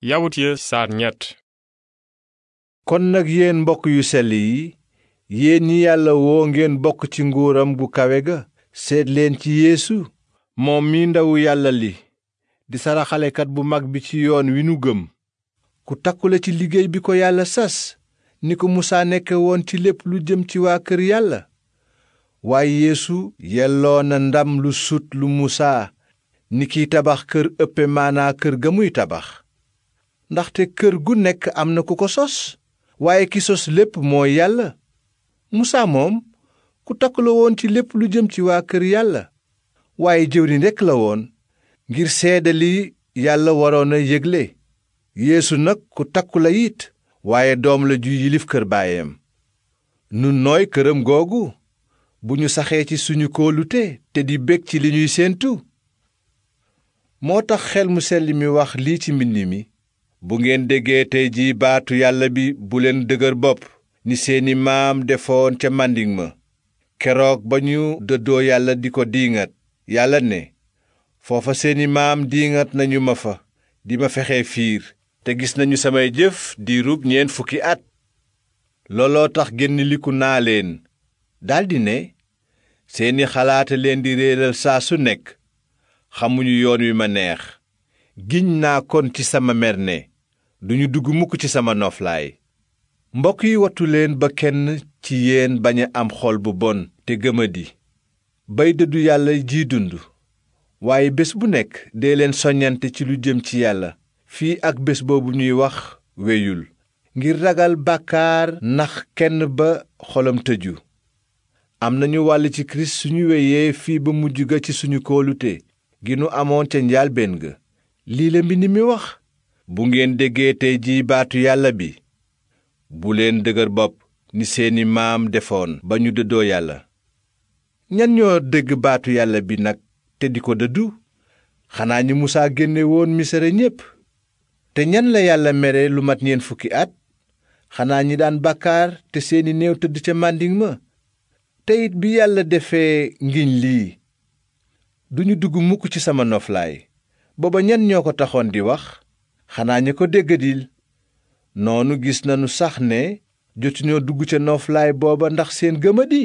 yawut ya kon nag yéen mbokk yu sell yi yéen ñi yàlla woo ngeen bokk ci nguuram gu kawe ga seet leen ci yéesu moom mi ndawu yàlla li di saraxalekat bu mag bi ci yoon wi nu gëm ku takkule ci liggéey bi ko yàlla sas ni ko musaa nekke woon ci lépp lu jëm ci waa kër yàlla waaye yeesu yelloo na ndam lu sut lu musaa ni kiy tabax kër ëppe maanaa kër ga muy tabax ndaxte kër gu nekk am na ku ko sos waaye ki sos lépp mooy yàlla musaa moom ku takk woon ci lépp lu jëm ci waa kër yàlla waaye jëwriñ rekk la woon ngir seede li yàlla waroona a yégle yeesu nag ku takkula yit waaye doom la ju yilif kër baayam nun nooy këram googu bu ñu saxee ci suñu kóolute te di bég ci li ñuy séentu moo tax xel mu sell mi wax lii ci mbind mi bu ngeen déggee tey jii baatu yàlla bi bu leen dëgër bopp ni seeni maam defoon ca màndiŋ ma keroog ba ñu dëddoo yàlla di ko diiŋat yàlla ne foofa seeni maam diiŋat nañu ma fa di ma fexee fiir te gis nañu samay jëf di diirub ñeent fukki at looloo tax génn liku naa leen daldi ne seeni xalaata leen di réeral saa su nekk xamuñu yoon wi ma neex giñ naa kon ci sama merne ne duñu dugg mukk ci sama nooflaay mbokk yi wattu leen ba kenn ci yéen bañ a am xol bu bon te gëmadi bay dëddu yàlla ji dund waaye bés bu nekk dee leen soññante ci lu jëm ci yàlla fii ak bés boobu ñuy wax weyul ngir ragal bàkkaar nax kenn ba xolam tëju am nañu wàll ci kirist ñu weyee fii ba mujj ga ci suñu kóolute gi nu amoon ca njaalbeen ga lii la mbind mi wax bu ngeen déggee tey jii baatu yàlla bi bu leen dëgër bopp ni seeni maam defoon ba ñu dëddoo yàlla ñan ñoo dégg baatu yàlla bi nag te di ko dëddu xanaa ñi musaa génne woon misere ñépp te ñan la yàlla mere lu mat ñeen fukki at xanaa ñi daan bàkkaar te seeni néew tëdd ca màndiŋ ma te bi yàlla defee ngiñ lii duñu dugg mukk ci sama noflaay booba ñan ñoo ko taxoon di wax xanaa ñi ko déggadil noonu gis nanu sax ne jotuñoo dugg ca nooflaay booba ndax seen gëmadi